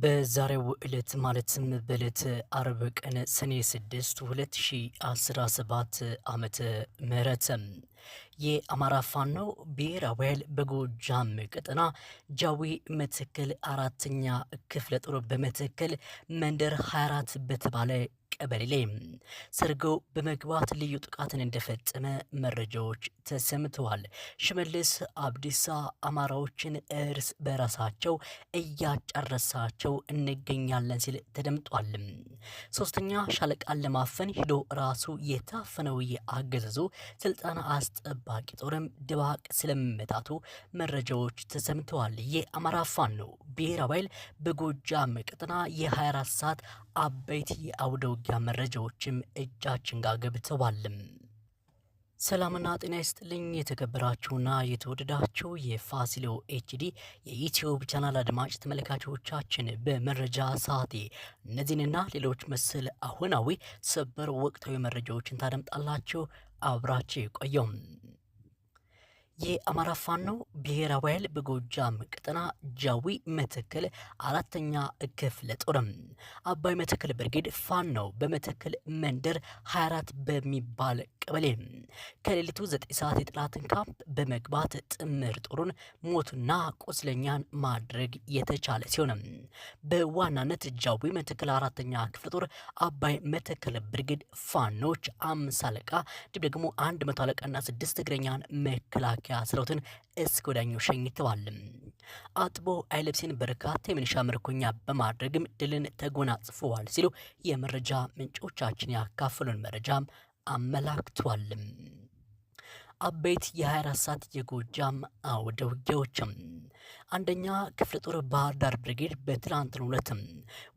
በዛሬው ዕለት ማለትም በዕለት አርብ ቀን ሰኔ 6 2017 ዓመተ ምህረት የአማራ ፋኖ ብሔራዊ ኃይል በጎጃም ቀጠና ጃዊ መተከል አራተኛ ክፍለ ጦር በመተከል መንደር 24 በተባለ ቀበሌ ላይ ሰርገው በመግባት ልዩ ጥቃትን እንደፈጸመ መረጃዎች ተሰምተዋል። ሽመልስ አብዲሳ አማራዎችን እርስ በራሳቸው እያጨረሳቸው እንገኛለን ሲል ተደምጧል። ሶስተኛ ሻለቃን ለማፈን ሂዶ ራሱ የታፈነው የአገዛዙ ስልጣን አስ ጠባቂ ጦርም ድባቅ ስለመመታቱ መረጃዎች ተሰምተዋል። የአማራ ፋኖ ነው ብሔራዊ ኃይል በጎጃም ቀጠና የ24 ሰዓት አበይት የአውደውጊያ መረጃዎችም እጃችን ጋር ገብተዋልም። ሰላምና ጤና ይስጥልኝ የተከበራችሁና የተወደዳችሁ የፋሲሎ ኤችዲ የዩትዩብ ቻናል አድማጭ ተመልካቾቻችን፣ በመረጃ ሰዓቴ እነዚህንና ሌሎች መሰል አሁናዊ ሰበር ወቅታዊ መረጃዎችን ታደምጣላችሁ። አብራችሁ ቆየም የአማራ ፋኖ ብሔራዊ ኃይል በጎጃም ቀጠና ጃዊ መተከል አራተኛ ክፍለ ጦርም አባይ መተከል ብርጌድ ፋኖ በመተከል መንደር 24 በሚባል ቀበሌ ከሌሊቱ 9 ሰዓት የጠላትን ካምፕ በመግባት ጥምር ጦሩን ሞትና ቁስለኛን ማድረግ የተቻለ ሲሆንም በዋናነት ጃዊ መተከል አራተኛ ክፍለ ጦር አባይ መተከል ብርጌድ ፋኖች አምሳ አለቃ ድብ ደግሞ አንድ መቶ አለቃና ስድስት እግረኛን መከላከያ አስረውትን እስከ ወዲያኛው ሸኝተዋል። አጥቦ አይለብሴን በርካታ የሚሊሻ ምርኮኛ በማድረግም ድልን ተጎናጽፈዋል ሲሉ የመረጃ ምንጮቻችን ያካፈሉን መረጃም አመላክቷልም። አበይት የ24 ሰዓት የጎጃም አውደ ውጊያዎችም አንደኛ ክፍለ ጦር ባህር ዳር ብርጌድ በትላንትናው ዕለት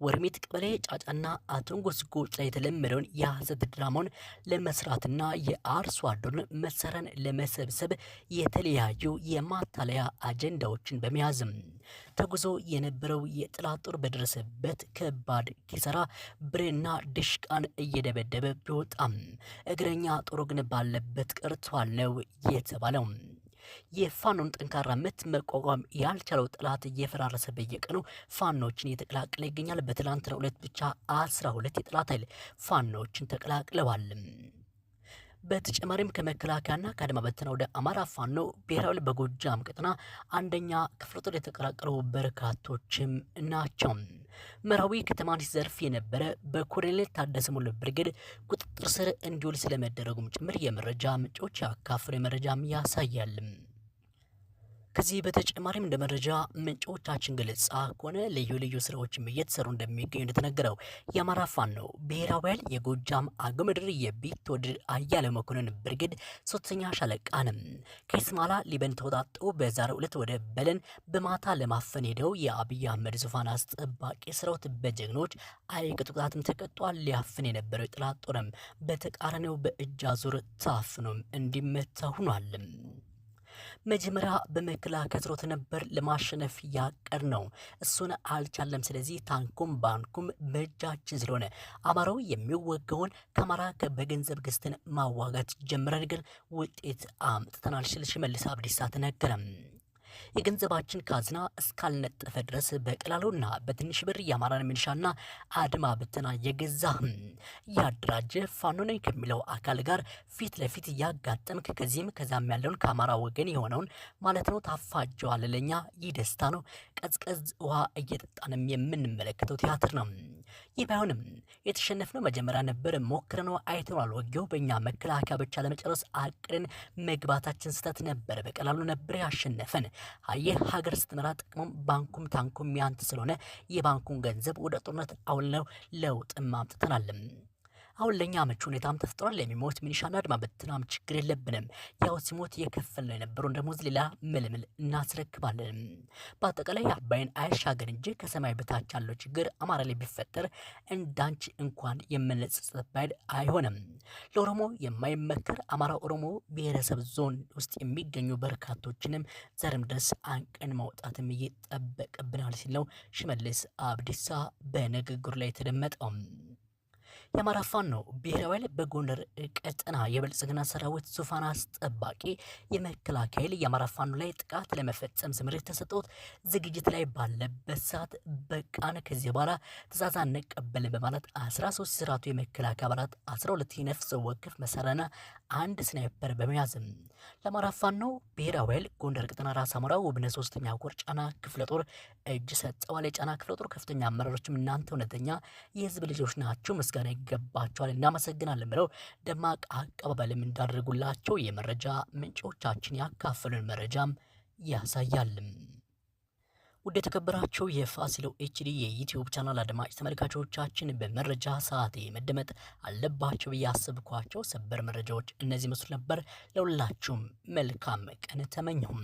ወርሜት ቀበሌ ጫጫና አትንጎስጎች ላይ የተለመደውን የሐሰት ድራማውን ለመስራትና የአርሶ አደሩን መሰረን ለመሰብሰብ የተለያዩ የማታለያ አጀንዳዎችን በመያዝም ተጉዞ የነበረው የጠላት ጦር በደረሰበት ከባድ ኪሰራ ብሬና ድሽቃን እየደበደበ ቢወጣም እግረኛ ጦሩ ግን ባለበት ቀርቷል ነው የተባለው። የፋኖን ጠንካራ ምት መቋቋም ያልቻለው ጠላት እየፈራረሰ በየቀኑ ፋኖችን እየተቀላቀለ ይገኛል። በትላንትና ሁለት ብቻ አስራ ሁለት የጠላት ኃይል ፋኖችን ተቀላቅለዋል። በተጨማሪም ከመከላከያና ከአድማ በተና ወደ አማራ ፋኖ ብሔራዊ በጎጃም ቀጠና አንደኛ ክፍለ ጦር የተቀላቀሉ በርካቶችም ናቸው። መራዊ ከተማን ሲዘርፍ የነበረ በኮሎኔል ታደሰ ሙሉ ብርጌድ ቁጥጥር ስር እንዲውል ስለመደረጉም ጭምር የመረጃ ምንጮች ያካፍሉ የመረጃም ያሳያልም። ከዚህ በተጨማሪም እንደ መረጃ ምንጮቻችን ገለጻ ከሆነ ልዩ ልዩ ስራዎችም እየተሰሩ እንደሚገኙ እንደተነገረው የአማራ ፋኖ ነው ብሔራዊ ኃይል የጎጃም አገምድር ምድር የቢትወደድ አያሌው መኮንን ብርግድ ሶስተኛ ሻለቃ ነው ከስማላ ሊበን ተወጣጠው በዛሬው ዕለት ወደ በለን በማታ ለማፈን ሄደው የአብይ አህመድ ዙፋን አስጠባቂ ስራውት በጀግኖች አይቀጡ ቅጣትም ተቀጧል። ሊያፍን የነበረው የጠላት ጦርም በተቃራኒው በእጅ አዙር ታፍኖም እንዲመታ ሆኗል። መጀመሪያ በመከላከያ ጥሮት ነበር ለማሸነፍ ያቀር ነው። እሱን አልቻለም። ስለዚህ ታንኩም ባንኩም በእጃችን ስለሆነ አማራው የሚወገውን ከአማራ በገንዘብ ገዝተን ማዋጋት ጀምረን ግን ውጤት አምጥተናል ሲል ሽመልስ አብዲሳ ተነገረም። የገንዘባችን ካዝና እስካልነጠፈ ድረስ በቀላሉና በትንሽ ብር የአማራን ሚሊሻና አድማ ብተና የገዛህም ያደራጀ ፋኖ ከሚለው አካል ጋር ፊት ለፊት እያጋጠምክ ከዚህም ከዛም ያለውን ከአማራ ወገን የሆነውን ማለት ነው ታፋጀዋል። ለኛ ይህ ደስታ ነው። ቀዝቀዝ ውሃ እየጠጣንም የምንመለከተው ቲያትር ነው። ይህ ባይሆንም የተሸነፍነው መጀመሪያ ነበር። ሞክረነው አይተናል። ወጊው በእኛ መከላከያ ብቻ ለመጨረስ አቅድን መግባታችን ስህተት ነበር። በቀላሉ ነበር ያሸነፈን። አየህ ሀገር ስትመራ ጥቅሙም ባንኩም ታንኩም ያንተ ስለሆነ የባንኩን ገንዘብ ወደ ጦርነት አውልነው ለውጥ ማምጥተናል። አሁን ለእኛ ምቹ ሁኔታም ተፈጥሯል። የሚሞት ሚኒሻና አድማ በትናም ችግር የለብንም። ያው ሲሞት የከፈል ነው የነበረውን ደሞዝ ሌላ ምልምል እናስረክባለን። በአጠቃላይ አባይን አይሻገር እንጂ ከሰማይ በታች ያለው ችግር አማራ ላይ ቢፈጠር እንዳንቺ እንኳን የመነጽጽበት ባይድ አይሆንም። ለኦሮሞ የማይመከር አማራ ኦሮሞ ብሔረሰብ ዞን ውስጥ የሚገኙ በርካቶችንም ዘርም ድረስ አንቀን ማውጣትም እየጠበቅብናል ሲል ነው ሽመልስ አብዲሳ በንግግሩ ላይ የተደመጠው። የአማራ ፋኖ ነው ብሔራዊ ኃይል በጎንደር ቀጠና የብልጽግና ሰራዊት ዙፋን አስጠባቂ የመከላከያ ኃይል የአማራ ፋኖ ላይ ጥቃት ለመፈጸም ስምሪት ተሰጥቶት ዝግጅት ላይ ባለበት ሰዓት በቃን ከዚህ በኋላ ትእዛዝ አንቀበልም በማለት 13 ስርዓቱ የመከላከያ አባላት 12 የነፍስ ወከፍ መሳሪያና አንድ ስናይፐር በመያዝም ለአማራ ፋኖ ነው ብሔራዊ ኃይል ጎንደር ቀጠና ራስ አሞራ ውብነ ሶስተኛ ኮር ጫና ክፍለ ጦር እጅ ሰጠዋል። የጫና ክፍለ ጦር ከፍተኛ አመራሮችም እናንተ እውነተኛ የህዝብ ልጆች ናቸው ምስጋና ይገባቸዋል፣ እናመሰግናለን ብለው ደማቅ አቀባበልም እንዳደረጉላቸው የመረጃ ምንጮቻችን ያካፈሉን መረጃም ያሳያልም። ውድ የተከበራችሁ የፋሲሎ ኤችዲ የዩትዩብ ቻናል አድማጭ ተመልካቾቻችን በመረጃ ሰዓት መደመጥ አለባቸው ብዬ አስብኳቸው ሰበር መረጃዎች እነዚህ መስሉ ነበር። ለሁላችሁም መልካም ቀን ተመኘሁም።